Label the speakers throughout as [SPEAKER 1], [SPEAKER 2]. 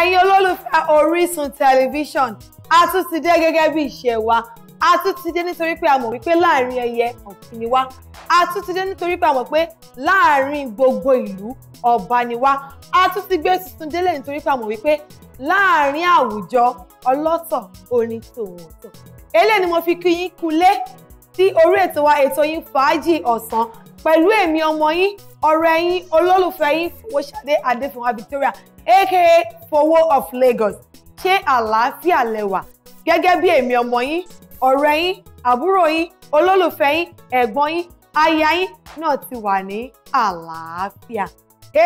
[SPEAKER 1] ẹ̀yin olólùfẹ́ Orísun tẹlifíṣọ̀n a tún ti dé gẹ́gẹ́ bí ìṣe wa a tún ti dé nítorí pé a mọ̀ wípé láàrin ẹyẹ ọ̀tún ni wá a tún ti dé nítorí pé a mọ̀ pé láàrin gbogbo ìlú ọba ni wá a tún ti gbé tuntun délé nítorí pé a mọ̀ wípé láàrin àwùjọ ọlọ́tọ̀ orin tòun ọ̀tọ̀ eléyìí ni mo fi kí yín kulé sí orí ètò wa ètò yín fàájì ọ̀sán pẹ̀lú èmi ọmọ yín ọ̀rẹ́ yín olólùfẹ́ yín Fowóṣadé Adéfúnwá Victoria aka Fowó of Lagos ṣé àlàáfíà lẹ́wà gẹ́gẹ́ bí èmi ọmọ yín ọ̀rẹ́ yín àbúrò yín olólùfẹ́ yín ẹ̀gbọ́n yín aya yín náà ti wà ní àlàáfíà.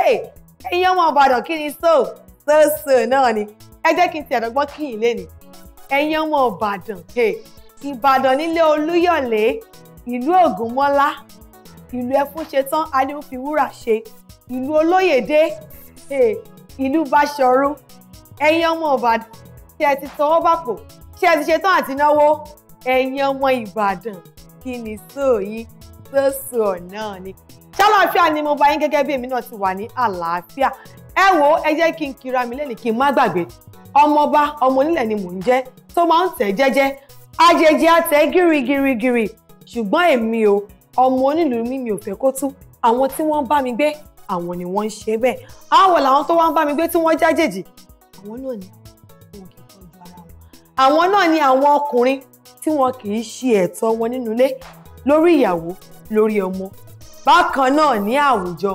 [SPEAKER 1] ẹ̀yin ọmọ Ìbàdàn kí ni so so so náà ni ẹ jẹ́ kí n ti àdọ́gbọ́n kí n lé ni ẹ̀yin ọmọ Ìbàdàn Ìbàdàn nílé Olúyọ̀lé ìlú Ògúnmọ́lá ìlú Ẹfúnṣetán Adéhùnfiwúrà ṣe ìlú Olóyèdé ìlú Báṣọ̀run ẹ̀yin ọmọ Ìbàdàn ṣé ẹ ti tọwọ́ bàpò ṣé ẹ ti ṣetán àti náwó ẹ̀yin ọmọ Ìbàdàn kí ni sóòyìn sóòsò náà ni ṣàlàáfíà ni mo bá yín gẹ́gẹ́ bí èmi náà ti wà ní àlàáfíà ẹ wo ẹ jẹ́ kí n kira mi lẹ́nu kí n má gbàgbé ọmọọba ọmọ onílẹ̀ ni mò ń jẹ́ tó máa ń tẹ̀ jẹ́jẹ́ àjèjì àtẹ̀ gírígírígírí ṣùgbọ́n èmi o ọmọ onílùú mi mi ò fẹ́ kó tú àwọn tí wọ́n bá mi gbé àwọn ni wọ́n ń ṣe bẹ́ẹ̀ àwọn làwọn tó wá ń bá mi gbé tí wọ́n jájèjì àwọn náà ni wọn kì í tọ́jú ara wọn àwọn náà ni àwọn ọkùnrin tí wọn kì í ṣe ẹ̀tọ́ wọn nínú ilé lórí ìyàwó lórí ọmọ bákan náà ní àwùjọ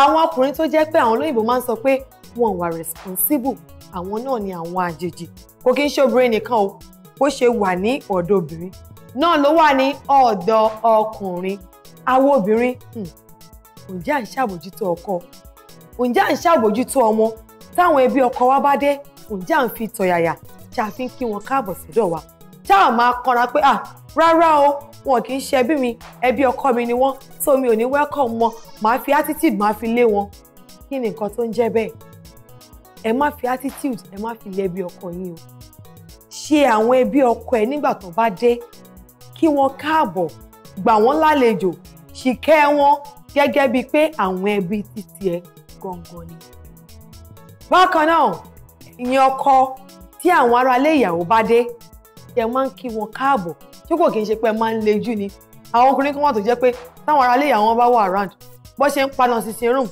[SPEAKER 1] àwọn ọkùnrin tó jẹ́ pé àwọn olóyìnbó máa ń sọ pé wọn wà responsible àwọn náà ni àwọn àjèjì kò kí ń ṣe obìnrin nìkan o bó ṣe wà ní ọ̀dọ̀ obìnrin náà ló wà ní ọ̀dọ̀ ọkùnrin àwọn obìnrin hmm, ǹjẹ́ à ń ṣàbójútó ọkọ ǹjẹ́ à ń ṣàbójútó ọmọ táwọn ẹbí ọkọ wa bá dé ǹjẹ́ à ń fi tọ̀yàyà tí fi ń kí wọn káàbọ̀ sọ́dọ̀ wa tá máa kanra pé ah rárá o wọn kì í ṣe ẹbí mi ẹbí ọkọ mi ni wọ́n tó mi ò ní welcome wọn màá fi attitude màá fi lé wọn kí ni nǹkan tó ń jẹ́ bẹ́ẹ̀ ẹ má fi attitude ẹ má fi lé ẹbí ọkọ yín o ṣe àwọn ẹbí ọkọ ẹ nígbà tó bá dé kí wọn káàbọ̀ gbà wọ́n lálejò ṣìkẹ́ wọn gẹ́gẹ́ bíi pé àwọn ẹbí títí ẹ gangan ni. bákan náà ìyẹn ọkọ tí àwọn aráalé ìyàwó bá dé ẹ máa ń kí wọn káàbọ̀ tí kò kí n ṣe pé ẹ máa ń lejú ni àwọn ọkùnrin kan wà tó jẹ́ pé táwọn aráalé ìyàwó bá wà around bó ṣe ń pa náà sísìn room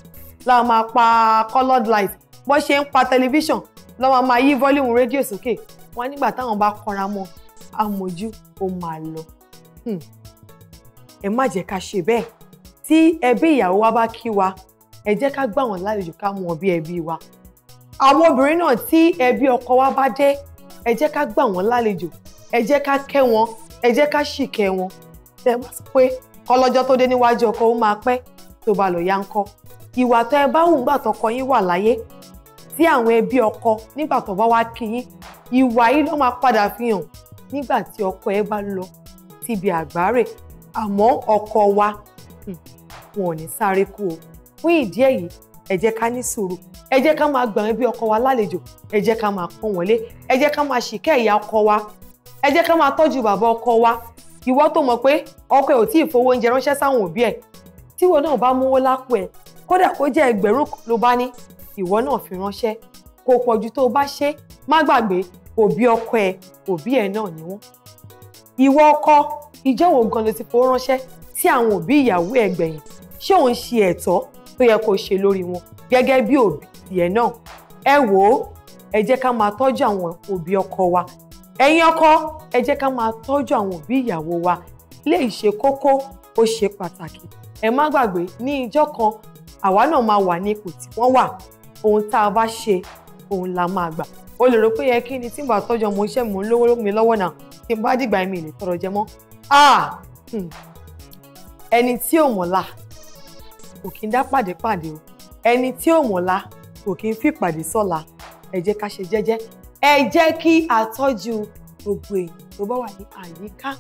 [SPEAKER 1] la máa pa coloured light bó ṣe ń pa tẹlifíṣàn la máa máa yí volume radio sókè wọn nígbà táwọn bá kọra mọ́ amójú ó máa lọ hmm. ẹ má jẹ́ ká ṣe bẹ́ẹ̀ tí ẹbí ìyàwó wa bá kí wa ẹ jẹ́ ká gbà wọ́n lálejò ká mú wọn bí ẹbí wa àwọn obìnrin náà tí ẹbí ọkọ wa bá dé ẹ jẹ́ ká gbà wọ́n lálejò ẹ jẹ́ ká kẹ́ wọn ẹ jẹ́ ká ṣìkẹ́ wọn tẹ bá sọ pé kọlọ́jọ́ tó dé níwájú ọkọ ó máa pẹ́ tó bá lọ yá ń kọ́ ìwà tó ẹ bá wù nígbà tọkọ yín wà láyé tí àwọn ẹbí ọkọ nígbà tó bá wá kí yín ìwà yìí ló máa padà fi hàn nígbà tí ọkọ ẹ bá lọ síbi àgbáre àmọ́ ọkọ wa Hmm. wọn ò ní sáré kú o fún ìdí èyí ẹ jẹ́ ká ní sùúrù ẹ jẹ́ ká máa gbà wọ́n bí ọkọ wa lálejò ẹ jẹ́ ká máa pọ́n wọ́n lé ẹ jẹ́ ká máa ṣìkẹ́ ìyá ọkọ wa ẹ jẹ́ ká máa tọ́jú bàbá ọkọ wa ìwọ tó mọ̀ pé ọkọ ẹ̀ ò tí ì fowó oúnjẹ ránṣẹ́ sáwọn òbí ẹ̀ tíwọ náà bá mówó lápò ẹ̀ kódà kó jẹ́ ẹgbẹ̀rún ló bá ní ìwọ náà fi ránṣẹ́ kò pọ̀jù tó bá ṣe má gbàgbé òbí ọkọ ẹ̀ òbí ẹ̀ náà ni wọ́n ìwọ ọkọ ìjọ gan ló ti fowó ránṣẹ́ tí àwọn òbí ìyàwó ẹ̀ gbẹ̀yìn ṣé òun ṣe ẹ̀tọ́ tó yẹ kó ṣe lórí wọn gẹ́gẹ́ bí òbí tiẹ̀ náà ẹ wò ó ẹ jẹ́ ká máa tọ́jú àwọn òbí ọkọ wa ẹ̀yin ọkọ ẹ jẹ́ ká máa tọ́jú àwọn òbí ìyàwó wa lè ṣe kókó ó ṣe pàtàkì ẹ má gbàgbé ní ìjọ́ kan àwa náà máa wà ní ipò tí wọ́n wà ohun tá a bá ṣe ohun la máa gbà o lè rò pé yẹ kí ni tí n bá tọ́jú ọmọ iṣẹ́ mi lówó mi lọ́wọ́ náà tí n bá dìgbà mi lè tọrọ jẹ mọ́ ah hmm ẹni tí ò mọ̀la kò kí ń dá pàdé pàdé o ẹni tí ò mọ̀la kò kí ń fi pàdé sọ̀la ẹ jẹ́ ká ṣe jẹ́jẹ́ ẹ jẹ́ kí a gbogbo èyí tó bá wà ní àyíká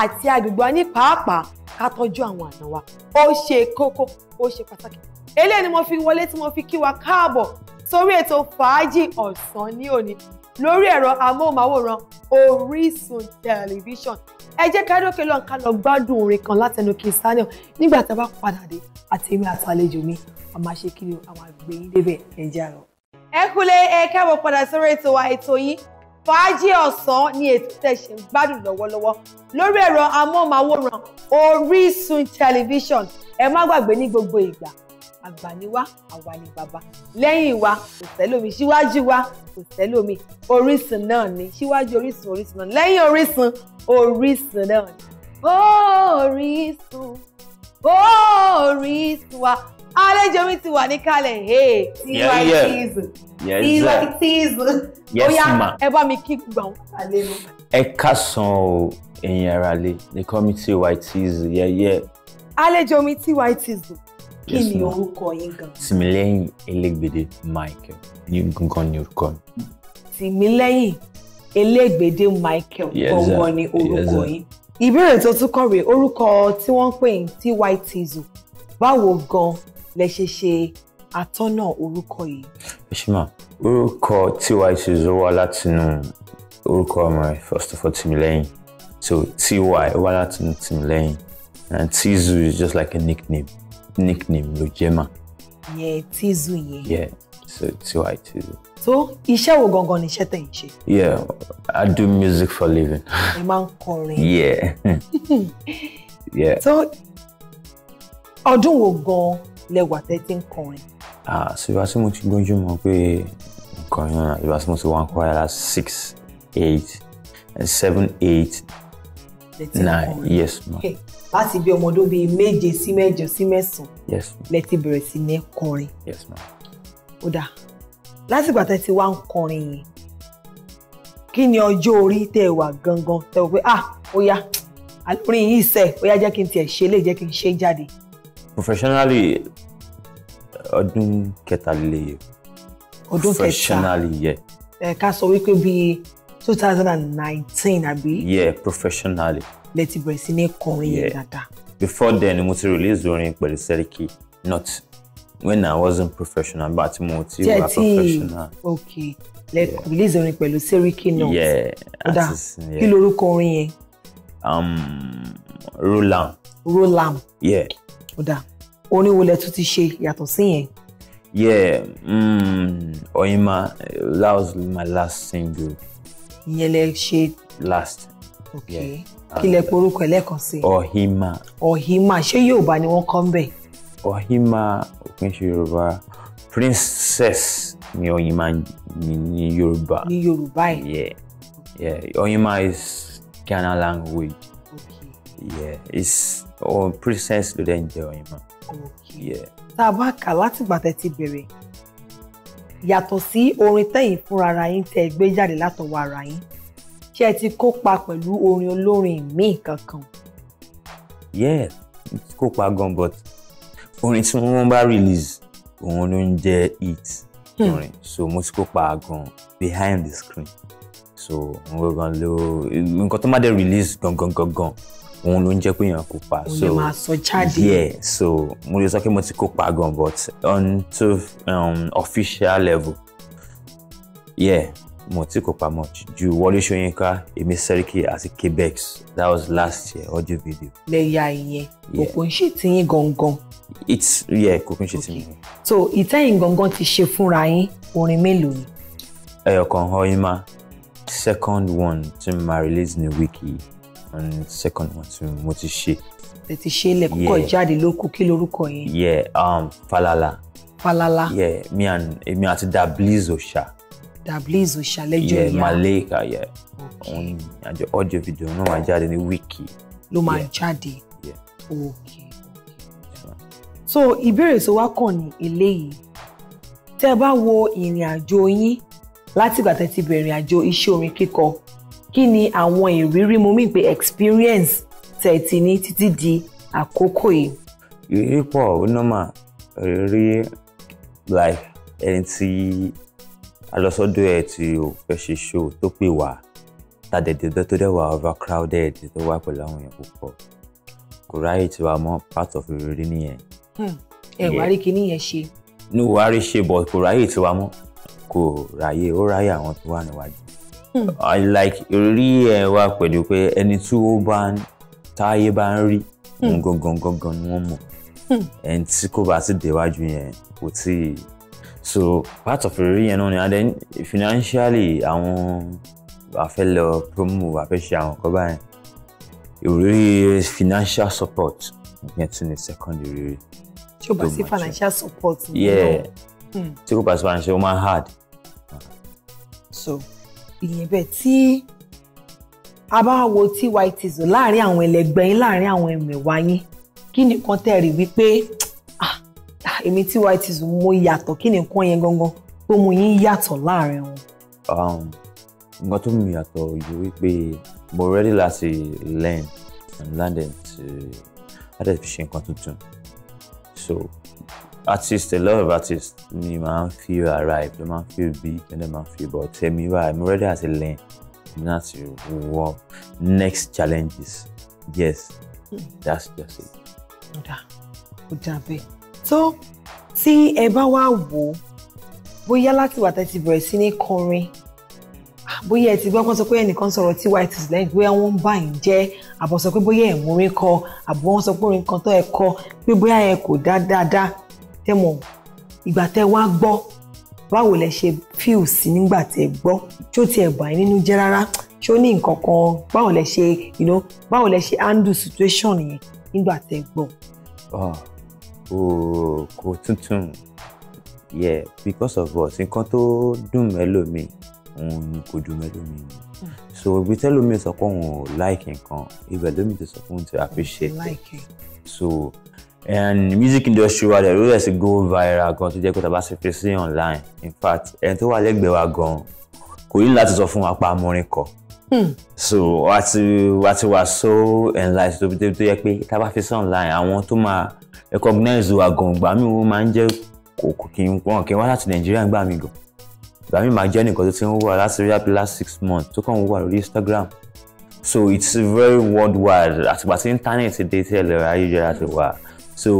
[SPEAKER 1] àti agbègbè wa ní pàápàá ká tọ́jú àwọn àna wa ó ṣe kókó ó ṣe pàtàkì eléyìí ni mo fi wọlé tí mo fi kí wa káàbọ̀ sórí ètò fàájì ọ̀sán ní òní lórí ẹ̀rọ amóhùnmáwòrán Orísun tẹlifíṣàn ẹ jẹ́ ká dókè lọ́n ká lọ gbádùn orin kan látẹnu King Daniel nígbà tá a bá padà dé àti èmi àtàlejò mi a máa ṣe kí ni àwọn àgbè yín débẹ̀ ẹ já lọ. ẹ kúlé ẹ káàbọ̀ padà sórí ètò wa ètò yín fàájì ọ̀sán ni ètò tẹ̀sẹ̀ ń gbádùn lọ́wọ́lọ́wọ́ lórí ẹ̀rọ amóhùnmáwòrán Orísun tẹlifíṣàn ẹ má gbàgbé ní gbogbo ìgbà àgbà ni wá àwa ni bàbá lẹ́yìn wa kò sẹ́lómi síwájú wa kò sẹ́lómi Orísun náà ni síwájú Orísun Orísun náà lẹ́yìn Orísun Orísun náà ni. Orísun Orísun wa àlejò mi ti wà níkàlẹ̀ hey tiwa tizu
[SPEAKER 2] tiwa
[SPEAKER 1] tizu ẹ bá mi kí gbọ̀n àlejò.
[SPEAKER 3] ẹ kásán o ẹ̀yin aráalé ní kọ́mítì wa tizu yẹ́yẹ́.
[SPEAKER 1] àlejò mi tiwa tizu kí ni orúkọ yín gan.
[SPEAKER 3] tìmílẹ́yìn elégbèdé michael ní gangan ni orúkọ mi.
[SPEAKER 1] tìmílẹ́yìn elégbèdé michael gangan ni orúkọ yín. ìbéèrè tó tún kọ̀ rèé orúkọ tí wọ́n ń pè ní ty tizu báwo gan lẹ ṣe ṣe atọ́nà orúkọ yìí.
[SPEAKER 3] ẹ ṣe máa orúkọ ty wá látinú orúkọ ọmọ rẹ first of all tìmílẹ́yìn so ty wá látinú tìmílẹ́yìn and tizu is just like a nickname nickname ló jẹ́ mà.
[SPEAKER 1] tizu yẹn. yeah
[SPEAKER 3] so tiwa tizu.
[SPEAKER 1] so iṣẹ́ wo gangan ni iṣẹ́ tẹ̀ ń ṣe.
[SPEAKER 3] yeah i do music for living.
[SPEAKER 1] ẹ máa ń kọrin.
[SPEAKER 3] yeah. yeah.
[SPEAKER 1] so ọdún wo gan-an lẹ́wà tẹ́ ti ń kọrin.
[SPEAKER 3] ṣùgbọ́n ah, tí mo ti gbójú mọ̀ pé nǹkan yẹn náà ìgbà tí mo ti wá ń kọ́ yàrá six eight seven eight
[SPEAKER 1] nine yes ma. Okay láti bí ọmọ ọdún bíi méje sí mẹ́jọ sí mẹ́sàn-án lẹ ti bẹ̀rẹ̀ sí ní kọrin ó dà látìgbà tẹ́ ti wá ń kọrin yẹn kí ni ọjọ́ orí tẹ́ wà gangan tẹ́ wọ pé ah ó yá alórin yìí sẹ́ ó yá jẹ́ kí n tiẹ̀ ṣe lè jẹ́ kí n ṣe jáde.
[SPEAKER 3] professionally ọdún kẹtàlélẹ́yẹ.
[SPEAKER 1] ọdún kẹta professionally yẹ. ẹ ká sọ wípé bíi two thousand and nineteen àbí.
[SPEAKER 3] yeah professionally
[SPEAKER 1] lẹ ti bẹ̀rẹ̀ sí ní kọrin yẹn dáadáa.
[SPEAKER 3] before then mo ti release orin pẹ̀lú Seriki not when I wasn't professional but tí mo ti wà professional.
[SPEAKER 1] ok lẹ release orin pẹ̀lú Seriki not. yeah artist yeah kí lorúkọ orin yẹn. Rolam. Um, Rolam. yeah. ọ̀dà orin wo lẹ tún ti ṣe yàtọ̀ sí yẹn.
[SPEAKER 3] yeah mm, Oyinma that was my last single.
[SPEAKER 1] ìyẹn lẹ ṣe. last. okay. Yeah kí lẹ porúkọ ẹ lẹ́ẹ̀kan sí. ọ̀hìnmá. ọ̀hìnmá ṣé yorùbá ni wọ́n kọ́ ń bẹ̀.
[SPEAKER 3] ọ̀hìnmá òpin ṣe yorùbá princess ni ọ̀hìnmá ní yorùbá.
[SPEAKER 1] ní yorùbá ẹ̀. yeah
[SPEAKER 3] yeah ọ̀hìnmá is Ghana language. okay. yeah it's oh, princess ló dẹ̀ ń jẹ́ ọ̀hìnmá. okay
[SPEAKER 1] yeah. tá a bá kà látìgbà tẹ́ ti bẹ̀rẹ̀ yàtọ̀ sí orin tẹ́yìn fúnra ara yín tẹ́ gbé jáde látọwọ́ ara yín ṣé ẹ ti kópa pẹ̀lú orin olórin míì kankan.
[SPEAKER 3] yes kópa gan but orin tí wọ́n bá release òun ló ń jẹ́ hit hmm. orin so mo ti kópa gan behind the screen so n gangan ló nǹkan tó má dé release gangan gangan òun ló ń jẹ́ pé èèyàn kópa so òun lè máa
[SPEAKER 1] sọ jáde yeah
[SPEAKER 3] so mo lè sọ pé mo ti kópa gan but on to um, official level yeah mo ti kópa mọ́ ju Wọlé Ṣóyínká èmi Sẹ́ríkì àti Quebec that was last year audio video.
[SPEAKER 1] lẹ́yà ìyẹn kò kò ń ṣe tiyín gangan.
[SPEAKER 3] it's yeah kò kò ń ṣe tiyín.
[SPEAKER 1] so ìtẹ́yìn gangan ti ṣe fúnra yín orin mélòó ni.
[SPEAKER 3] ẹyọkan ọyìn máa second one tí mo máa release ní wíìkì and second one tí mo ti ṣe.
[SPEAKER 1] ẹ ti ṣe ilẹ̀ kúkọ̀ jáde lókù kí lorúkọ yẹn.
[SPEAKER 3] yeah um, falala.
[SPEAKER 1] falala. yeah
[SPEAKER 3] me and èmi àti da blizo ṣá
[SPEAKER 1] Dablis Òṣàlẹ́jọ́ ìyá yeah
[SPEAKER 3] Malaika yeah òun ni àjọ audio video náà máa jáde ní wíìkì.
[SPEAKER 1] ló máa jáde ok so ìbéèrè tó wá kàn ní eléyìí tẹ́ ẹ bá wo ìrìn àjò yín látìgbà tẹ́ ti bẹ̀rẹ̀ àjò iṣẹ́ orin kíkọ kí ni àwọn ìrírí mo mí pé experience tẹ́ ẹ ti ní títí di àkókò yìí.
[SPEAKER 3] ìrírí pọ̀ ó nọ́mà rírí like ẹni tí a lọ sọ́dọ̀ ẹ̀ tí o fẹ́ ṣe show tó pè wá ta dẹ̀dẹ̀ bẹ́ẹ̀ tó dẹ̀ wà overcrowded tó wà pẹ̀lú àwọn èèyàn púpọ̀ kò ráyè tí wàá mọ́ part of ìrírí nìyẹn.
[SPEAKER 1] Hmm. ẹ wàá rí kinní yẹn ṣe.
[SPEAKER 3] ní wàá rí ṣe but kò ráyè tí wàá mọ́ kò ráyè ó ráyè àwọn tó wà níwájú. Hmm. like ìrírí ẹ wà pẹ̀lú pé ẹni tí ó bá ń táyé bá ń rí hmm. gangan gangan ni wọ́n mọ̀ ẹni tí kò bá ti déwájú yẹn kò tíì so part of ìrírí yẹn náà ni and then financially àwọn àfẹ́ lọ promo àfẹ́ ṣe àwọn nǹkan báyẹn ìrírí financial support yẹn tún ni second ìrírí.
[SPEAKER 1] tí o bá sí financial support. yeah hmm. Hmm.
[SPEAKER 3] tí kò bá sí financial o máa hard.
[SPEAKER 1] so ìyẹn bẹ́ẹ̀ tí a bá wo TYTZO láàrin àwọn ẹlẹgbẹ́ yín láàrin àwọn ẹ̀mẹ̀wá yín kí nìkan tẹ̀ rí wípé èmi tí white is mo yàtọ̀ kí ni nǹkan yẹn gangan tó mú yín yàtọ̀ láàrin wọn.
[SPEAKER 3] Um, nǹkan tó mú yàtọ̀ yìí wípé mo ready láti learn and learn them to láti fi ṣe nǹkan tuntun so artist a lot of artists mi máa ń feel arrived ló máa ń feel big ló máa ń feel but tẹ̀mí wá mo ready láti learn and láti wọ next challenges yes hmm. that's just it.
[SPEAKER 1] ó dà ó dà bẹ́ẹ̀ tó tí ẹ bá wá wò ó bóyá láti wà tẹ́ ti bẹ̀rẹ̀ sí ní kọrin bóyá ẹ ti gbọ́ kán sọ pé ẹnìkan sọ̀rọ̀ tí white is lẹ́yìn bóyá wọ́n ń bà yín jẹ́ àbọ̀ sọ pé bóyá ẹ̀ mórin kọ àbọ̀ wọ́n sọ pé orin kan tó ẹ̀ kọ pé bóyá ẹ kò dá dáadáa tẹ́ mọ̀ ìgbà tẹ́ wá gbọ́ báwo lẹ ṣe fíìl sí nígbà tẹ́ gbọ́ tí ó tiẹ̀ bà yín nínú jẹ́ rárá tí ó ní nǹkan kan báwo lẹ ṣe you know báwo lẹ ṣe handle situation yẹn nígbà tẹ́ gbọ́.
[SPEAKER 3] Ah kò kò tuntun yẹ because of what nǹkan tó dùn mẹ́lòmíì òun ni kò dùn mẹ́lòmíì so ibi tẹ́lòmíì sọ pé òun ò like nǹkan ibẹ̀ lómi ti sọ fún un to appreciate so and music industry wa dẹ̀ ló rẹ̀ sí go viral gan tó jẹ́ pé tàbá ṣe fi sí online in fact ẹni tó wà lẹ́gbẹ̀ẹ́ wa gan kò ní láti sọ fún wa pa amórin kọ. Hmm. so a ti a ti wà so enlightened tó bí tó yẹ pé tá a bá fi sí online àwọn tó máa recognize wa gan gbà mí wọn máa ń jẹ kò kí n wọn kí n wá láti nàìjíríà gbà mí gan gbà mí máa jẹ́ nìkan tó ti ń wà láti rí àbí last six months tó kàn ń wà lórí instagram so it's very worldwide àtìgbà tí internet dé tí ẹlẹ́rọ ayélujára ti wà so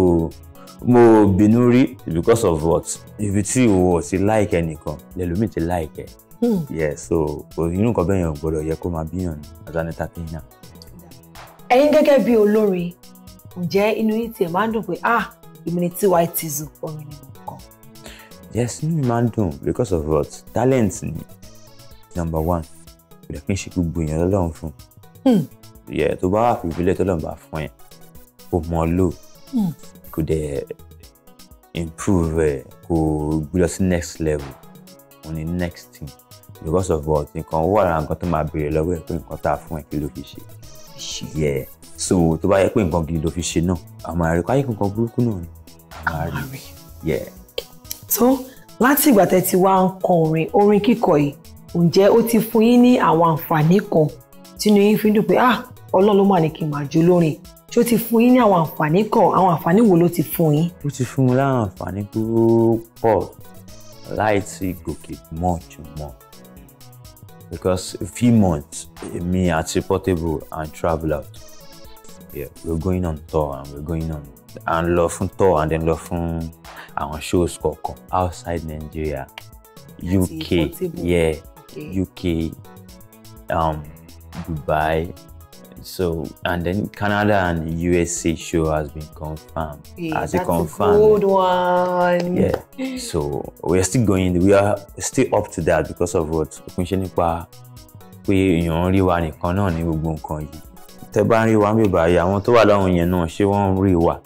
[SPEAKER 3] mo bínú rí because of what you tí ìwọ ti like ẹnìkan lẹ́lòmíì ti like ẹ̀. yes so inú nǹkan bẹ́ẹ̀ yẹn ò gbọ́dọ̀ yẹ kó máa bíyàn ní as an entertainer.
[SPEAKER 1] ẹ̀yin gẹ́gẹ́ bí olórin ǹjẹ́ inú yín tiẹ̀ máa ń dùn pé ah èmi ni Tiwa Itizu orin ni mo kọ.
[SPEAKER 3] yes inú mi máa ń dùn because of what talent ni number one kò dẹ̀ kí n ṣe gbogbo èèyàn lọ́lọ́run fún hmm. yẹ tó bá wà fìfilẹ̀ tó lọ́nà bá fún ẹ kó mọ lò hmm. kó dẹ̀ improve ẹ kó gbé lọ sí next level on the next thing because of what nǹkan ó wà lára nǹkan tó máa béèrè lọ́wọ́ ẹ̀ pé nǹkan tá a fún ẹ̀ kí ló fi ṣe yẹ so tó bá yẹ pé nǹkan gidi ló fi ṣe náà àmọ́ àríkọ ayé kankan burúkú náà ni àmọ́ àrí yẹ.
[SPEAKER 1] tó láti ìgbà tẹ́ ti wá ń kọ orin orin kíkọ yìí ǹjẹ́ ó ti fún yín ní àwọn àǹfààní kan tínú yín fi dùn pé ah ọlọ́run ló mà ní kí n máa jó lórin tí ó ti fún yín ní àwọn àǹfààní kan àwọn àǹfààní wo ló ti fún yín. ó ti fún
[SPEAKER 3] mi láwọn àǹfààní púpọ̀ láì ti gòkè mọ́ jù mọ́ because a few months, me at Portable and travel out. Yeah, we're going on tour and we're going on and lọ fún tour and then lọ fún àwọn shows kọ̀ọ̀kan outside Nigeria, UK, yeah, UK, um, Dubai So and then Canada and USA show has been confirmed. Yeah, as that's confirmed. a good
[SPEAKER 1] one. Yeah.
[SPEAKER 3] So we're still going. We are still up to that because of what Okunṣe nípa pé èèyàn rí wa nìkan náà ni gbogbo nǹkan yìí. Tẹ́ bá ń wa ń bèbà yìí àwọn tó wà lọ́hùn yẹn náà ṣé wọ́n ń wa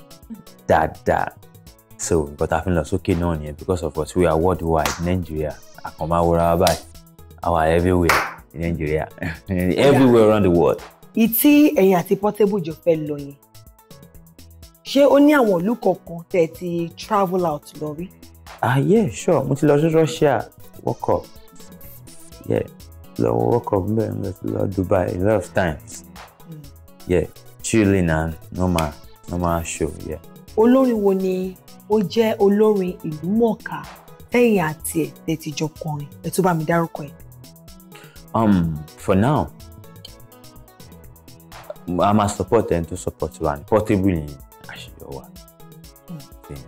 [SPEAKER 3] dáadáa. So but tá a fi ń lọ because of what we are worldwide Nigeria àkànmáwòrán báyìí our everywhere in Nigeria everywhere around the world
[SPEAKER 1] ìtí ẹ̀yin àti Portable jọ fẹ́ lọ yẹn ṣé ó ní àwọn ìlú kọ̀ọ̀kan tẹ́ ti travel out lọ rí.
[SPEAKER 2] ah yeah sure mo ti lọ sí Russia work up.
[SPEAKER 3] yeah lọ World Cup bẹ́ẹ̀ mo ti lọ Dubai a lot of times mm. yeah chilling and normal normal show yeah.
[SPEAKER 1] olórin wo ni ó jẹ́ olórin ìlú mọ̀ọ́ká tẹ̀yìn àti ẹ̀ tẹ̀ ti jọ kọrin ẹ̀ tó bá mi dárúkọ ẹ̀.
[SPEAKER 3] um for now a máa support ẹni tó support wa ni portable ni àṣeyọ wa hmm.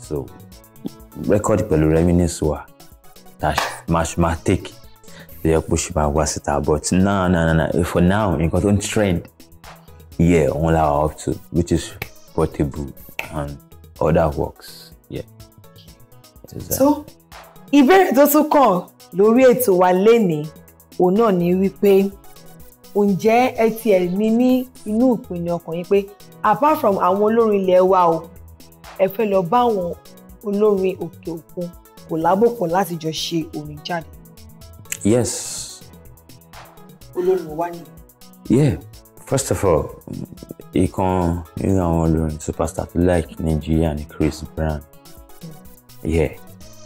[SPEAKER 3] so record pẹ̀lú reminisce wa ta máa take lè yẹ kó ṣe máa wá síta but now now now for now nǹkan tó ń trend here. òun la wà up to which is portable and other works yeah.
[SPEAKER 1] so ìbéèrè tó tún kàn lórí ètò wa lénìí òun náà ni wípé ǹjẹ́ ẹ tiẹ̀ ní ní inú ìpinnu ọkàn yín pé apart from àwọn olórin ilẹ̀ wa o ẹ fẹ́ lọ bá àwọn olórin òkè òkun kòlábò pọ̀ láti jọ ṣe orin jáde. yes. olórin wa ni.
[SPEAKER 3] yeah first of all ìkan nínú àwọn olórin superstar tó like Nigeria ni Chris Brown hmm. yeah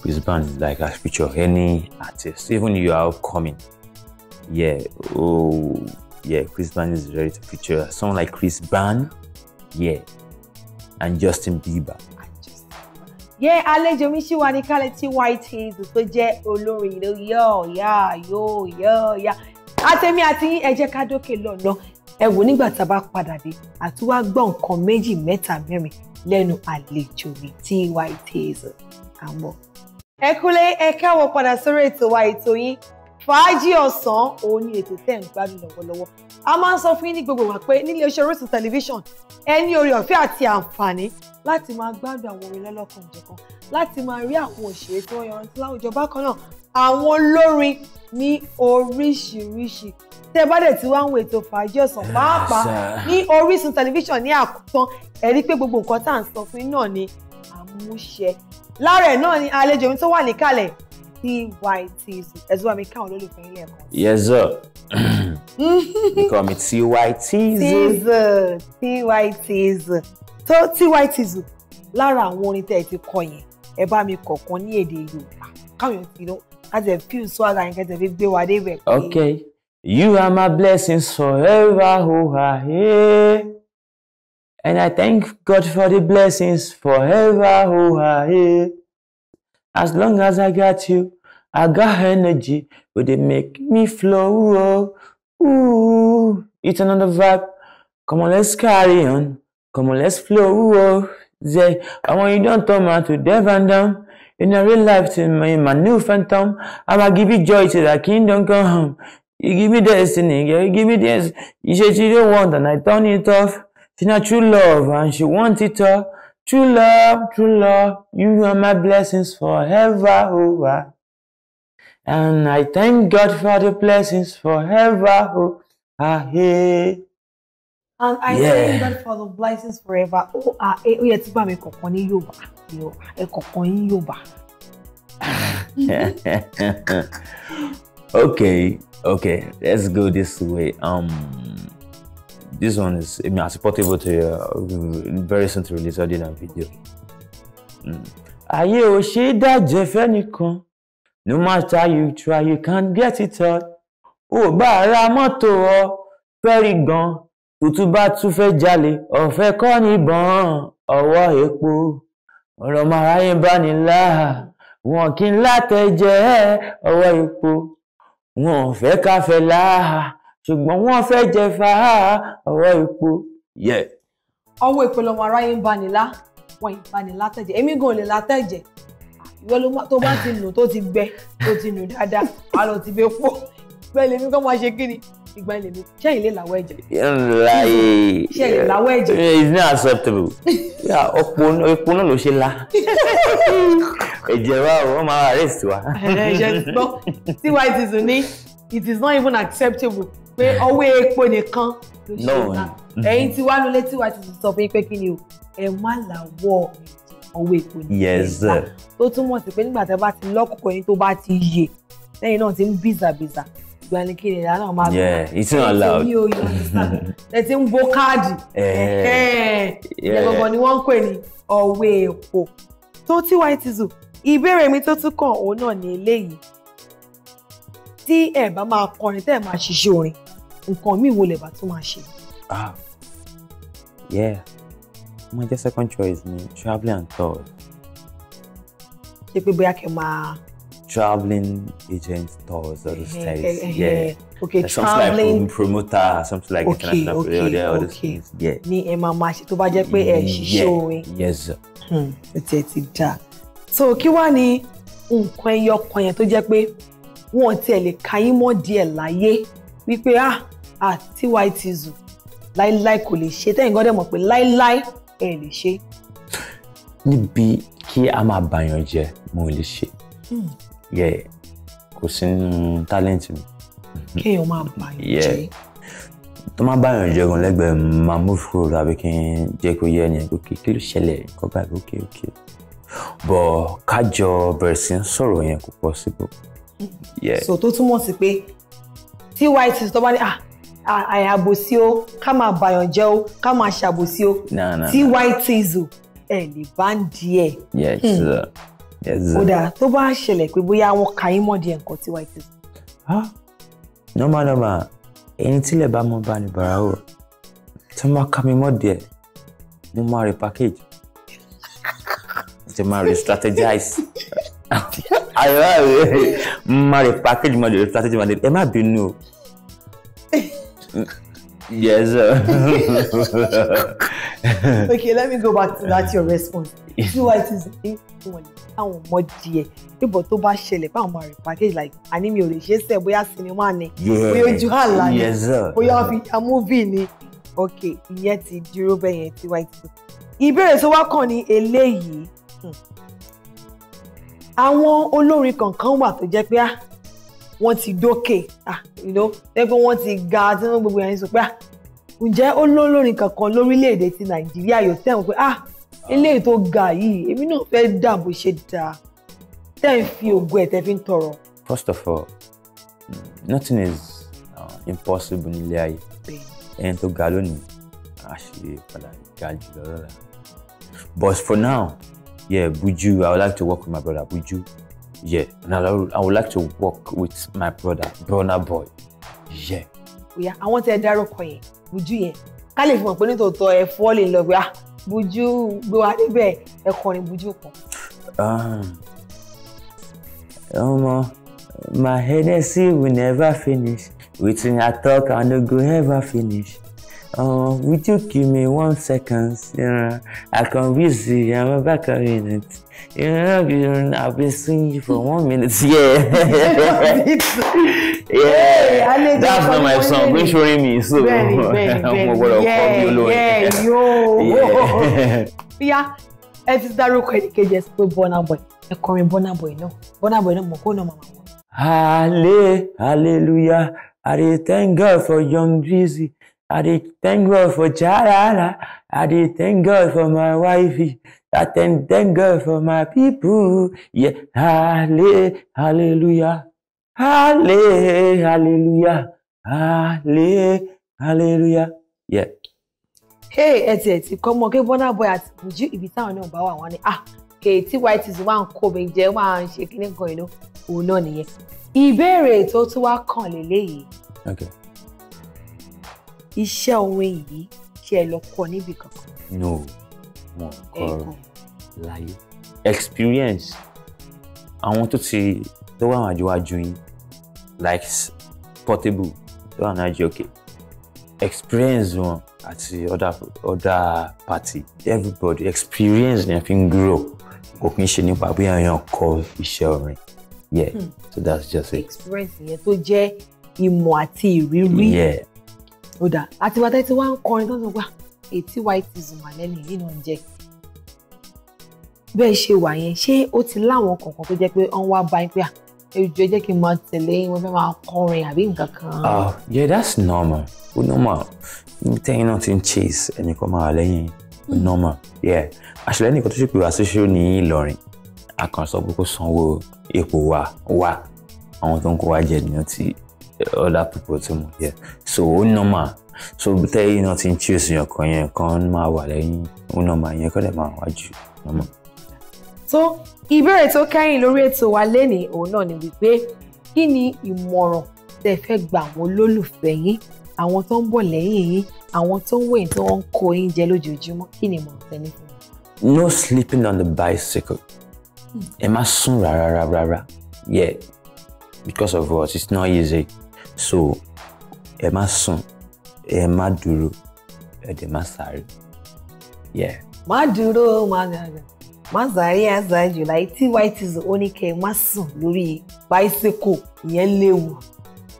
[SPEAKER 3] Chris Brown like as picture any artist even you are upcoming yeah, oh, yeah, Chris Brown is ready to feature someone like Chris Brown, yeah, and Justin Bieber.
[SPEAKER 1] yẹ àlejò mi ṣì wà ní kálẹ̀ tí white hazel tó jẹ́ olórin ló yọ̀ yá yóò yọ̀ yá àtẹ̀mí àti ẹ jẹ́ ká dókè lọ́nà ẹ wò nígbà tá a bá padà dé àti wá gbọ́ nǹkan méjì mẹ́ta mẹ́rin lẹ́nu àlejò mi tí white hazel àmọ́. ẹ kúlé ẹ káwọ padà sórí ètò wa ètò yín fàájì ọ̀sán òun ni ètò tẹ̀ ń gbádùn lọ́wọ́lọ́wọ́ a máa ń sọ fún yín ní gbogbo wa pé nílé iṣẹ́ Orísun tẹlifíṣàn ẹ ní oore ọ̀fẹ́ àti àǹfààní láti máa gbádùn àwọn orin lọ́lọ́kanòjọ̀kan láti máa rí àwọn òṣèré tó yanrantí láwùjọ bákan náà àwọn olórin ní oríṣiríṣi tẹ́ bá dẹ̀ ti wá ń wo ètò fàájì ọ̀sán pàápàá ní Orísun tẹlifíṣàn ní àkótán ẹ rí pé gbogbo nǹkan tá à ń sọ fún yín náà ni àmúṣe lára ẹ̀ náà ni àlejò mi tó wà níkàlẹ̀ tytv ẹ sọ mi káwọn olólùfẹ́ ilé
[SPEAKER 3] ẹ̀kọ́. yes sir ikọ̀ mi tytz.
[SPEAKER 1] tytz tó tytz lára àwọn orin tẹ́ ẹ ti kọ yẹn ẹ bá mi kọ̀ọ̀kan ní èdè yorùbá káwọn ti lọ kájẹ fíl sọ àgbà yẹn kẹjẹ fi gbé wa débẹ̀. okay
[SPEAKER 2] you are my blessing forever oh ahe and i thank god for the blessings forever oh ahe as long as i got you I got energy, but they make me flow. Oh. Ooh, it's another vibe. Come on, let's carry on. Come on, let's flow. Say, oh. I want you don't turn around to death and down. In a real life, to my, my new phantom, I'ma give you joy to the kingdom come home. You give me destiny, girl, you give me this. You said you don't want, and I turn it off. She not true love, and she want it all. True love, true love, you are my blessings forever. Oh, I ah. And I thank God for the blessings forever who oh, are ah, here.
[SPEAKER 1] And I yeah. thank God for the blessings forever. Oh, ah, eh, ó yẹ tí yoba. mi kọ̀ọ̀kan
[SPEAKER 3] Okay, okay, let's go this way. Um, this one is I mean, as portable to your uh, very soon to release audio and video. Mm.
[SPEAKER 2] Ayé ò ṣe é dájẹ́ fẹ́nìkan no matter you try you can't get it all ò bá ra mọ́tò ọ fẹ́ rí gan tuntun bá tún fẹ́ jalè ọ̀fẹ́ kọ́ níbọn ọwọ́ epo ọ̀rọ̀ màráyé bá ní láhà wọn kì í látẹ̀jẹ́ ọwọ́ epo wọn ò fẹ́ káfẹ́ láhà ṣùgbọ́n wọ́n fẹ́ jẹ fàá ọwọ́ epo yẹ.
[SPEAKER 1] ọwọ́ epo lọ́mọ aráyé ń banilá wọ́n ì banilá tẹ̀jẹ̀ èmi gan ò lè látẹ̀jẹ̀ ìwọ ló tó bá ti nù tó ti gbẹ tó ti nù dáadáa wà lọ ti bẹ fò ìgbà ìlèmí kọ́ máa ṣe kí ni ìgbà ìlèmí ṣé ìlè làwọ̀ ẹ̀jẹ̀.
[SPEAKER 2] ṣé ìlè làwọ̀ ẹ̀jẹ̀. Eh, it's not acceptable epo náà ló ṣe la ẹ̀jẹ̀ wa wọ́n máa arrest wa. ẹ̀jẹ̀
[SPEAKER 1] gbọ́ tiwa it is ní it is not even acceptable pé ọwọ́ epo nìkan ló ṣe la ẹ̀yin tiwa ló lé tiwa ti sọ fún yín pé kí ni o ẹ̀ má làwọ̀ ẹ̀jẹ̀ sanwó epo ní
[SPEAKER 3] ìgbà
[SPEAKER 1] tó túmọ̀ sí pé nígbà tí a bá ti lọ́kùnkùn yín tó bá ti yè lẹ́yìn náà ti ń bìzàbìzà ìgbà ni kí nìyá náà máa gbà it's not allowed ẹ ti ń bo káàdì eh, ẹ̀ẹ́dẹ̀gbọ̀n ni wọ́n ń pè ní ọ̀wé epo tó tí Witizu ìbéèrè mi tó tún kàn òun náà ní eléyìí tí ẹ bá máa kọrin tẹ́ ẹ máa ṣiṣẹ́ orin nǹkan míì wo lè bá tún máa ṣe. ah
[SPEAKER 3] yeah mo jẹ́ second choice mi traveling and third.
[SPEAKER 1] ṣé pé bóyá kẹ́ máa.
[SPEAKER 3] traveling agent tours all
[SPEAKER 1] those things yeah okay There's traveling something
[SPEAKER 3] like promoter something like okay, international okay, period all those okay.
[SPEAKER 1] things yeah. Ni ẹ máa máa ṣe tó bá jẹ́ pé ẹ mm, ṣiṣẹ́ orin. yes sir. ètò hmm, ẹ ti da. so kí wàá ní nǹkan ẹyọ kan yẹn tó jẹ́ pé wọn tiẹ̀ lè ka yín mọ́ díẹ̀ láyé wípé ah àti Tiwa Itizu láíláí kò lè ṣe tẹ́yìn gbọ́dọ̀ mọ̀ pé láíláí ẹ lè ṣe.
[SPEAKER 3] níbi kí a máa bàyàn jẹ mo lè ṣe hmm. yẹ kò sí nínú tálẹ́ǹtì mi.
[SPEAKER 1] kéèyàn máa bàyàn jẹ.
[SPEAKER 3] tó máa bàyàn jẹ gan lẹ́gbẹ̀ẹ́ máa mú fúró tàbí kí n jẹ́ kó yẹ ẹni ẹ̀kọ́ kí ló ṣẹlẹ̀ nǹkan báyìí ókè ókè bọ̀ kájọ bẹ̀rẹ̀ sí sọ̀rọ̀ yẹn kò possible.
[SPEAKER 1] Hmm. so tó túmọ̀ sí pé tí white tó bá ní ah àyàbòsí o ká máa bàyàn jẹ́ o ká máa ṣàbòsí o tytizu ẹ̀ lè bá ń di ẹ̀. kódà hmm. tó bá ṣẹlẹ̀ pé bóyá wọn kà í mọ̀ di nǹkan tytizu.
[SPEAKER 3] normal normal ẹni tílẹ̀ bá mọ bá ní bàrà o tí wọ́n máa ká mi mọ́ di ẹ̀ mo máa rí package ṣe máa rí strategize àyọ̀ àyọ̀ máa rí package máa rí strategize ẹ má bínú o. Yes. okay,
[SPEAKER 1] let me go back to that your response. Two items. One, àwọn ọmọ díẹ̀ níbo tó bá ṣẹlẹ̀ báwọn máa rìn package like àní mi ò lè ṣe é sẹ́ bóyá sinimá ni bóyá ojú àlá ni bóyá wọ́n fi ya múvì ni ok ìyẹn ti dúró bẹ́ẹ̀ yẹn ti white tó. ìbéèrè tó wá kàn ní eléyìí hmm. àwọn olórin kankan wà tó jẹ́ pé ah, wọ́n ti dókè ẹgbẹ́ wọ́n ti ga tinubu gbogbo yẹn sọ pé ǹjẹ́ ó lólórin kankan lórílẹ̀‐èdè ti nàìjíríà yóò tẹ̀ wọ́n pé ah eléyìí tó ga yìí èmi náà fẹ́ dà bó ṣe dà tẹ̀ ń fi ògùn ẹ̀ fi ń tọrọ.
[SPEAKER 3] first of all nothing is uh, impossible nílé ayé ẹni tó ga lónìí àṣírí padà ga jùlọ lọ́la but for now yeah Buju I would like to work with my brother Buju Yeah, Now I, would like to work with my brother, Burna Boy.
[SPEAKER 1] Yeah. Oya, àwọn tẹ dárúkọ yẹn, Buju yẹn, ká lè fi mọ̀ pé nítòótọ́ ẹ fọ́ọ̀lì ń lọ pé ah Buju gbé wa débẹ̀ ẹ kọrin Buju kan.
[SPEAKER 2] Ah, ọmọ, my Hennessy will never finish. Wetin I talk I no go ever finish. Uh, with you give me one second, you know, I convince you, I'm back a minute. You know, you know I've been swinging for one minute. Yeah.
[SPEAKER 1] yeah. yeah. That's not my song. Been showing me. So, I'm going to yeah, call you alone. Yeah, yo. Yeah. yeah. Ẹ ti dárúkọ ẹnìkejì ẹ sọ pé Burna Boy. Ẹ kọrin Burna Boy náà. Burna Boy No mọ̀ kó náà màmá
[SPEAKER 2] wọn. Hallelujah. I thank God for young Jesus. I did thank God for Chalala. I did thank God for my wife. I thank, thank God for my people. Yeah, hallelujah, hallelujah. Halle, hallelujah. hallelujah. Yeah.
[SPEAKER 1] Hey, ẹ ti come on, kọ́ one up, Boy Would you ibi táwọn náà bá wà wọ́n ni ah kèétí white is wà ń kó bẹ́ẹ̀ jẹ́ wà ń ṣe kíní kan ìlú òun náà nìyẹn. Ìbéèrè Okay iṣẹ́ òwe yìí ṣe ẹ lọ kọ́ níbi kankan. no mo kọ́
[SPEAKER 3] láyé experience àwọn tó ti tó wà wájú wájú yín like portable tó wà náà jẹ́ òkè experience wọn àti other other party everybody experience ni a fi ń grow kò kí n ṣe nípa bí èèyàn kọ́ iṣẹ́ orin yeah hmm. so that's just it.
[SPEAKER 1] experience yẹn tó jẹ́ ìmọ̀ àti ìrírí. yeah ó dà àti bàtà tí wàá ń kọrin tó ń sọ pé ètí ah, white zumalẹ́lì yìí náà ń jẹ́ bẹ́ẹ̀ ṣe wà yẹn ṣé ó ti láwọn kọ̀ọ̀kan tó jẹ́ pé ọ̀n wá bá yín pé à ah, ẹjọ́ jẹ́ kí n máa tẹ̀lé wọn fẹ́ máa kọrin àbí nǹkan kan. ah
[SPEAKER 3] yeah that's normal ó normal tẹ́yìn náà ti ń chase ẹnìkan máa lẹ́yìn hmm. normal yeah àṣìlẹ́ nìkan tó ṣe pé àṣìṣe ní Ìlọrin àkànṣọ́ pé kó sanwó epo wa wa. àwọn tó ń kó wa jẹ nìyẹn ti other people tí mo yẹ so ó normal so tẹ́yìn náà ti ń chase yàn kan yẹn kan máa wà lẹ́yìn ó normal
[SPEAKER 1] so ìbéèrè tó kẹ́yìn lórí ètò wa lẹ́nìí òun náà ni wípé kí ni ìmọ̀ràn tẹ́ fẹ́ gbà wọ́n lólùfẹ́ yín àwọn tó ń bọ̀ lẹ́yìn yín àwọn tó ń wò yín tó ń kó yín jẹ lójoojúmọ́ ni
[SPEAKER 3] no sleeping on the bicycle hmm. ẹ má sùn rárá rárá yeah because of what it's not easy so ẹ má sùn ẹ má dúró ẹ dẹ̀ má sáré yeah.
[SPEAKER 1] má dúró má gàgà má sáré àṣà july tí whiteys ó ní kẹ́ ẹ má sùn lórí bicycle ìyẹn léwu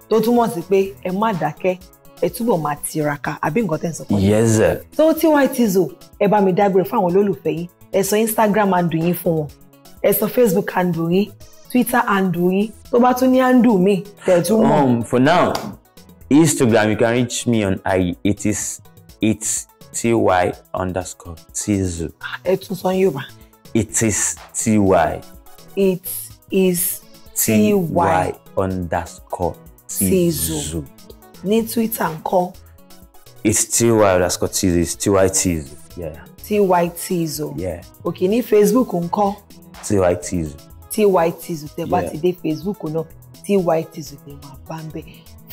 [SPEAKER 1] tó túmọ̀ sí pé ẹ má dákẹ́ ẹ túbọ̀ máa tiraka àbí nǹkan tẹ̀ ń sọ pọ̀ ní.
[SPEAKER 3] yes
[SPEAKER 2] sir.
[SPEAKER 1] so tí whiteys o ẹ bá mi dágbére fáwọn olólùfẹ́ yín ẹ sọ instagram handle yín fún wọn ẹ sọ facebook handle yín Twitter handle yín tó bá tún ní handle mi tẹ̀tún mọ̀. um
[SPEAKER 3] for now Instagram you can reach me on i it is it ty underscore tizu.
[SPEAKER 1] ẹ tún sọ Yorùbá.
[SPEAKER 3] it is ty.
[SPEAKER 1] it is ty
[SPEAKER 3] underscore tizu.
[SPEAKER 1] ní Twitter ńkọ́.
[SPEAKER 3] it's ty underscore tizu it's ty tizu. Yeah.
[SPEAKER 1] ty tizu. Yeah. okay ní Facebook ńkọ́.
[SPEAKER 3] ty tizu
[SPEAKER 1] tyz tẹ bá ti dé facebook náà tyz tẹ wà bá ń bẹ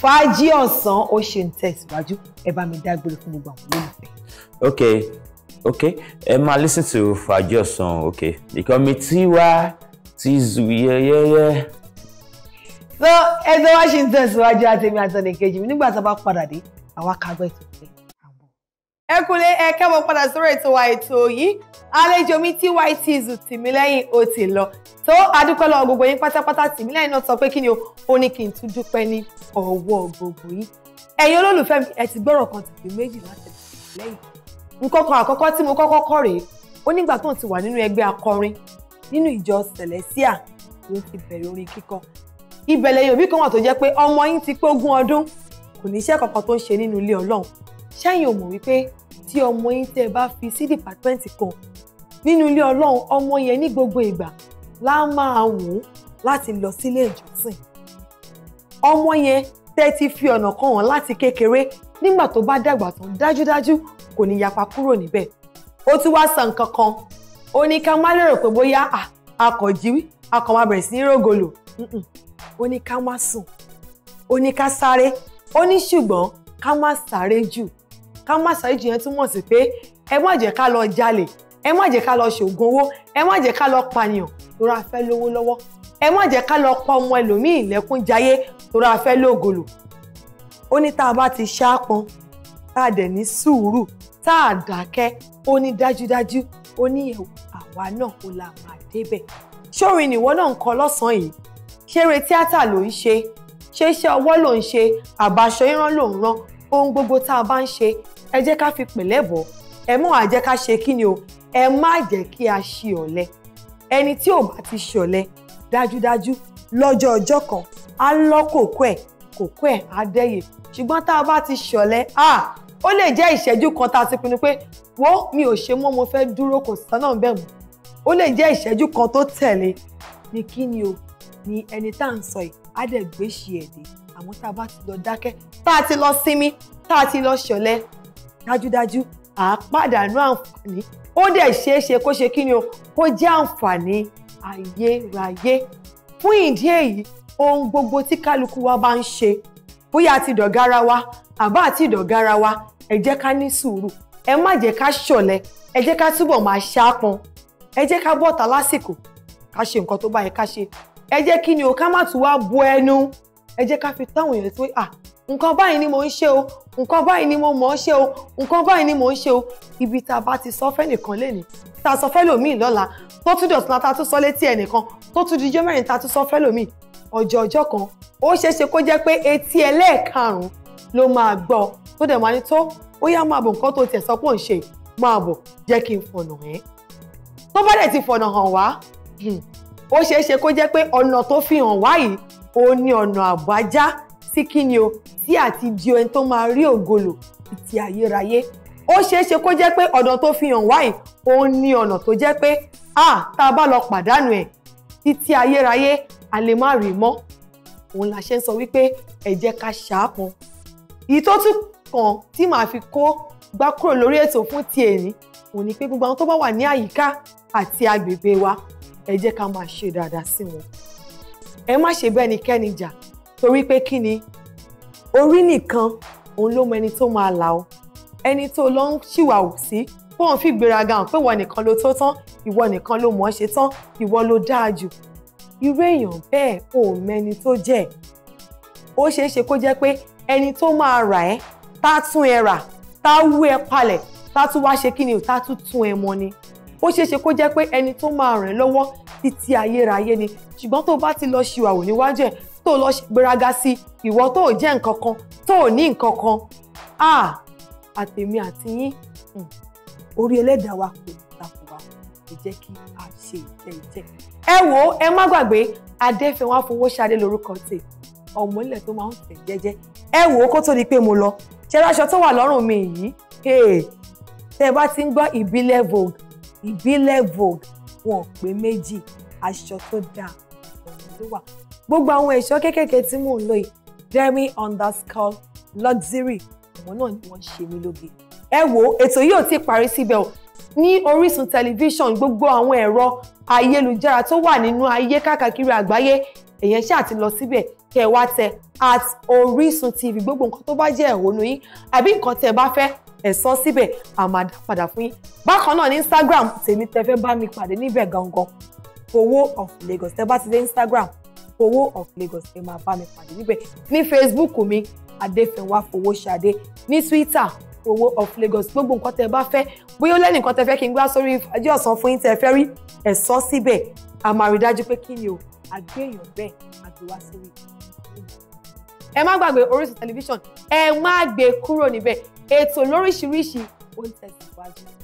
[SPEAKER 1] fàájì ọ̀sán ó ṣe ń tẹ̀síwájú ẹ bá mi dágbére fún gbogbo àwọn olólùfẹ́.
[SPEAKER 3] ok ok ẹ máa listen to fàájì ọ̀sán ok ìkànnì
[SPEAKER 2] tiwa tizu yẹyẹyẹ.
[SPEAKER 1] so ẹ tó wá ṣe ń tẹ̀síwájú àtẹ̀mí àtọ̀nìkejì mi nígbà tó bá padà dé àwa kagbẹ́ tó fẹ́ ẹ kúlé ẹ kẹ́wọ́ padà sórí ètò wa ètò yìí àlejò mi TY Teasel Tìmílẹ́yìn ó ti lọ tó adúpẹ́ lọ́wọ́ gbogbo yín pátápátá Tìmílẹ́yìn náà sọ pé kí ni o ó ní kí n tún dúpẹ́ ní ọwọ́ gbogbo yín ẹ̀yin olólùfẹ́ mi ẹ ti gbọ́rọ̀ kan tìbí méjì láti Tìmílẹ́yìn nǹkan kan àkọ́kọ́ tí mo kọ́kọ́ kọ́ rèé ó nígbà tóun ti wà nínú ẹgbẹ́ akọrin nínú ìjọ Celestia ló ti bẹ̀rẹ̀ orin kíkọ ìbẹ̀lẹ̀ Yorùbá kan wà tó jẹ́ pé ọmọ yín ṣẹ́yìn ò mọ̀ wípé tí ọmọ yín tẹ́ ẹ bá fi sí dìpátmẹ́ǹtì kan nínú ilé ọlọ́run ọmọ yẹn ní gbogbo ìgbà lá máa wù ú láti lọ sílé ìjọsìn ọmọ yẹn tẹ́ ti fi ọ̀nà kan hàn láti kékeré nígbà tó bá dàgbà tán dájúdájú kò ní yapa kúrò níbẹ̀ ó tún wá sàn kankan ó ní ká má lérò pé bóyá akọ̀jí akọ̀ bẹ̀rẹ̀ sí ní rògòlò ó ní ká má sùn ó ní ká sáré ó ní ṣùgbọ́n ká má sáré jù ká má ṣàìjì yẹn túmọ̀ sí pé ẹ má jẹ́ ká lọ jalè ẹ má jẹ́ ká lọ ṣògùn owó ẹ má jẹ́ ká lọ pààyàn lórí afẹ́ lówó lọ́wọ́ ẹ má jẹ́ ká lọ pa ọmọ ẹlòmíì lẹ́kún jayé lórí afẹ́ lóògòlò. ó ní tá a bá ti ṣáàpọn tá a dẹ̀ ní sùúrù tá a dákẹ́ ó ní dájúdájú ó ní àwa náà ó la máa débẹ̀. ṣórin nìwọ náà ń kọ lọ́sàn-án yìí ṣeré tíátà ló ń ṣe ṣe ọwọ́ ló ń ṣe àbáṣọ ìran ló ń rán ohun gbogbo tá a bá ń ṣe ẹ jẹ́ ká fi pẹ̀lẹ́ bọ̀ ẹ mọ̀ àjẹ́ ká ṣe kí ni o ẹ má jẹ́ kí a ṣe ọ̀lẹ ẹni tí ò bá ti ṣe ọ̀lẹ dájúdájú lọ́jọ́ ọjọ́ kan á lọ́ kòkó ẹ̀ kòkó ẹ̀ á dẹ́yẹ ṣùgbọ́n tá a bá ti ṣe ọ̀lẹ ó lè jẹ́ ìṣẹ́jú kan tá a ti pinnu pé wo mi ò ṣe mọ́ mo fẹ́ dúró kò sánà bẹ́ẹ̀ mọ́ ó lè jẹ́ ìṣẹ́jú kan tó tẹ̀lé ni kí ni o ni ẹni tá à ń sọ yìí á dẹ̀ gbéṣì ẹ̀ dé àmọ́ tá a bá ti lọ dákẹ́ tá a ti lọ sinmi tá a ti lọ ṣọ̀lẹ dájúdájú à á pàdánù àǹfààní ó dẹ̀ ṣeé ṣe kó ṣe kí ni o kó jẹ́ àǹfààní ayérayé fún ìdí èyí ohun gbogbo tí kálukú wa bá ń ṣe bóyá àti ìdọ̀gára wa àbá àti ìdọ̀gára wa ẹ jẹ́ ká ní sùúrù ẹ má jẹ́ ká ṣọ̀lẹ ẹ jẹ́ ká túbọ̀ máa ṣáàpọn ẹ jẹ́ ká bọ́ta lásìkò ká ṣe nǹkan tó bá yẹ ká ṣe ẹ jẹ́ kí ni o ká má tún wá bu ẹnu ẹ jẹ́ ká fi táwọn èèyàn tó à nǹkan báyìí ni mò ń ṣe o nǹkan báyìí ni mo mọ̀ ọ́ ṣe o nǹkan báyìí ni mò ń ṣe o ibi tá a bá ti sọ fẹ́nìkan lénìí tá a sọ fẹ́lòmíì lọ́la tó tún dọ̀tún ta tún sọ létí ẹnìkan tó tún di ijọ́ mẹ́rin ta tún sọ fẹ́lòmíì ọjọ́ ọjọ́ kan ó ṣeé ṣe kó jẹ́ pé etí ẹlẹ́ẹ̀karùn-ún ló máa gbọ́ tó dẹ̀ máa ní tó ó yá máa bọ̀ nǹkan tó tiẹ̀ sọ pé ò ń ṣe máa bọ̀ jẹ́ kí n fọ̀nà ẹ́ hmm, fi hàn wá yìí ó sí kíni o sí àti di ẹni tó máa rí ògolo ti ayérayé ó ṣeéṣe kó jẹ́ pé ọ̀nà tó fi hàn wáyé òun ni ọ̀nà tó jẹ́ pé a tá a bá lọ pàdánù ẹ̀ títí ayérayé a lè má rí mọ́ òun la ṣe ń sọ wípé ẹ jẹ́ ká ṣàápọn èyí tó tún kàn tí màá fi kó gbá kúrò lórí ètò fún ti èní òun ni pé gbogbo àwọn tó bá wà ní àyíká àti agbègbè wa ẹ jẹ́ ká máa ṣe dáadáa sí wọn ẹ má ṣe bẹ́ẹ̀ ni kẹ́ni jà torí pé kí ni orí nìkan òun ló mọ ẹni tó máa là ó ẹni tó lọ ń ṣìwà ò sí pé òun fi gbéraga hàn pé ìwọ nìkan ló tó tán ìwọ nìkan ló mọ̀ ọ́ ṣe tán ìwọ ló dáa jù irú èèyàn bẹ́ẹ̀ ò mẹ́ni tó jẹ́ ó ṣeé ṣe kó jẹ́ pé ẹni tó máa rà ẹ́ tá tún ẹ rà tá wú ẹ palẹ̀ tá tún wá ṣe kí ni tá tún tún ẹ mọ ni ó ṣeé ṣe kó jẹ́ pé ẹni tó máa ràn ẹ́ títí ayérayé ni ṣùgbọ́n tó bá ti lọ ṣìwàwò níwájú ẹ̀ tó lọ gbéraga sí ìwọ tó jẹ́ nǹkan kan tó ní nǹkan kan ah àtèmi àti yín hmm, orí ẹlẹ́dàá wa kò takùwà kò jẹ́ kí a ṣe ìtẹ́ ìtẹ́. ẹ wo ẹ má gbàgbé adéfẹ́ wọn fowó ṣadé lórúkọ tè ọmọ ilẹ̀ tó máa ń tẹ̀ jẹ́jẹ́ ẹ wò ó kó tó di pé mo lọ ṣe láṣọ tó wà lọ́rùn mi yìí tẹ́ bá ti ń gbọ́ ìbílẹ̀ vogue ìbílẹ̀ vogue wọn ò pé méjì aṣọ tó dáa ló wà gbogbo àwọn ẹ̀ṣọ́ kéékèèké tí mò ń lò yìí Demi underscore luxury àwọn náà ni wọ́n ṣe mí lóge. ẹ wo ètò yìí ò tí ì parí síbẹ̀ o ní Orísun tẹlifíṣàn gbogbo àwọn ẹ̀rọ ayélujára tó wà nínú ayé káàkiri àgbáyé èyàn ṣáà ti lọ síbẹ̀ kẹ́ wá tẹ at Orísun TV gbogbo nǹkan tó bá jẹ́ ẹ̀hónú yín àbí nǹkan tẹ́ ẹ bá fẹ́ ẹ̀ sọ síbẹ̀ àmàdá padà fún yín bákan náà ní Instagram tèmi tẹ́ fẹ́ bá mi pàdé níbẹ̀ gangan Gbowo of Lagos tẹ́ bá ti dé Instagram Gbowo of Lagos ẹ máa bá mi pàdé níbẹ̀ ní Facebook mi Adéfẹ́wá Fowóṣadé ní Twitter Gbowo of Lagos gbogbo nǹkan tẹ́ bá fẹ́ bóyá ó lẹ́nu nǹkan tẹ́ fẹ́ kí n gbá sórí ajé ọ̀sán fún yín tẹ́ fẹ́ rí ẹ sọ síbẹ̀ a máa rí dájú pé kí ni o àgbéyàn bẹ́ẹ̀ àgbéwá sórí ẹ má gbàgbé Orísun tẹlifíṣàn ẹ má gbé kúrò níbẹ̀ ètò lóríṣiríṣi ó ń tẹ̀síwájú.